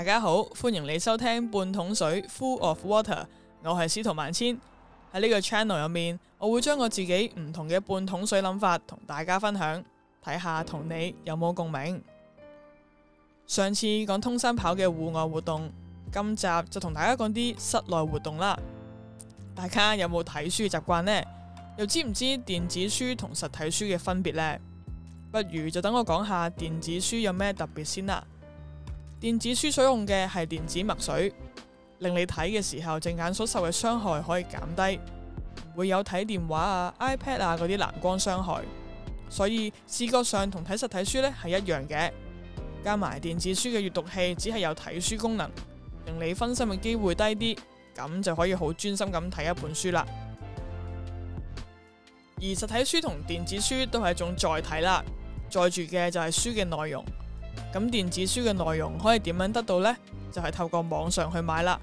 大家好，歡迎你收聽半桶水 （Full of Water）。我係司徒萬千，喺呢個 channel 入面，我會將我自己唔同嘅半桶水諗法同大家分享，睇下同你有冇共鳴。上次講通山跑嘅戶外活動，今集就同大家講啲室內活動啦。大家有冇睇書嘅習慣呢？又知唔知電子書同實體書嘅分別呢？不如就等我講下電子書有咩特別先啦。電子書所用嘅係電子墨水，令你睇嘅時候，隻眼所受嘅傷害可以減低，唔會有睇電話啊、iPad 啊嗰啲藍光傷害，所以視覺上同睇實體書呢係一樣嘅。加埋電子書嘅閱讀器只係有睇書功能，令你分心嘅機會低啲，咁就可以好專心咁睇一本書啦。而實體書同電子書都係一種載體啦，載住嘅就係書嘅內容。咁電子書嘅內容可以點樣得到呢？就係透過網上去買啦。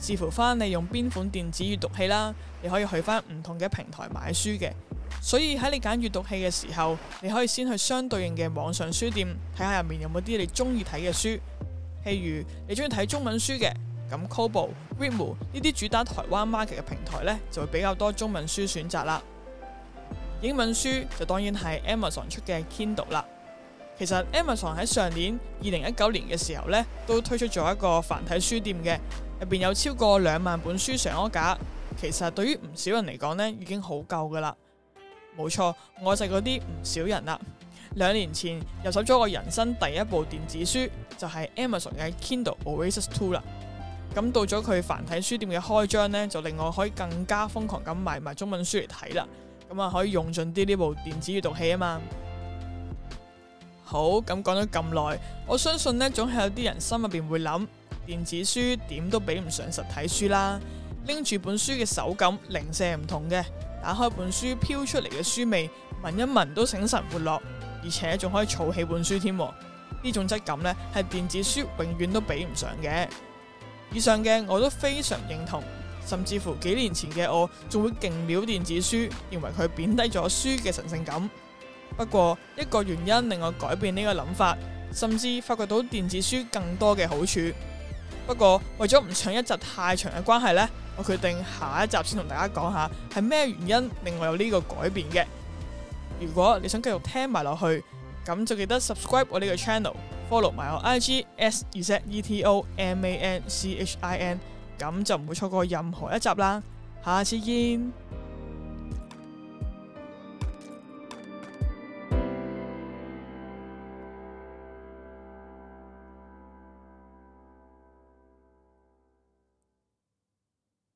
視乎返你用邊款電子閱讀器啦，你可以去返唔同嘅平台買書嘅。所以喺你揀閱讀器嘅時候，你可以先去相對應嘅網上書店睇下入面有冇啲你中意睇嘅書。譬如你中意睇中文書嘅，咁 Kobo、Readmo 呢啲主打台灣 market 嘅平台呢，就會比較多中文書選擇啦。英文書就當然係 Amazon 出嘅 Kindle 啦。其實 Amazon 喺上年二零一九年嘅時候咧，都推出咗一個繁體書店嘅，入邊有超過兩萬本書上咗架。其實對於唔少人嚟講咧，已經好夠㗎喇。冇錯，我就嗰啲唔少人啦。兩年前入手咗我人生第一部電子書，就係、是、Amazon 嘅 Kindle Oasis Two 啦。咁、嗯、到咗佢繁體書店嘅開張呢，就令我可以更加瘋狂咁買埋中文書嚟睇啦。咁啊，可以用盡啲呢部電子閱讀器啊嘛。好，咁講咗咁耐，我相信呢，總係有啲人心入邊會諗電子書點都比唔上實體書啦。拎住本書嘅手感，零舍唔同嘅，打開本書飄出嚟嘅書味聞一聞都醒神活絡，而且仲可以儲起本書添。呢種質感呢，係電子書永遠都比唔上嘅。以上嘅我都非常認同，甚至乎幾年前嘅我仲會勁秒電子書，認為佢貶低咗書嘅神聖感。不過一個原因，令我改變呢個諗法，甚至發覺到電子書更多嘅好處。不過，為咗唔想一集太長嘅關係呢，我決定下一集先同大家講下係咩原因令我有呢個改變嘅。如果你想繼續聽埋落去，咁就記得 subscribe 我呢個 channel，follow 埋我 IG S Z E T O M A N C H I N，咁就唔會錯過任何一集啦。下次見。